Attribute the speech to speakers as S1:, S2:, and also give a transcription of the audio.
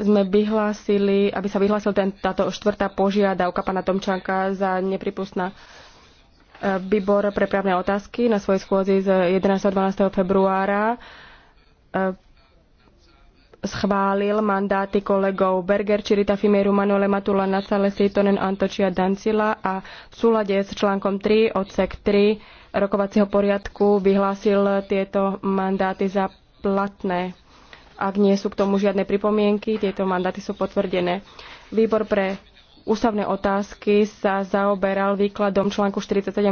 S1: sme vyhlásili, aby sa vyhlásil ten, táto štvrtá požiadavka pana Tomčanka za nepripustná e, výbor pre právne otázky na svojej schôdzi z 11. a 12. februára e, schválil mandáty kolegov Berger, Čirita Fimeru, Manuele Matula, Nacale, Sitonen, Antočia, Dancila a v súlade s článkom 3 odsek 3 rokovacieho poriadku vyhlásil tieto mandáty za platné. Ak nie sú k tomu žiadne pripomienky, tieto mandáty sú potvrdené. Výbor pre ústavné otázky sa
S2: zaoberal výkladom článku 47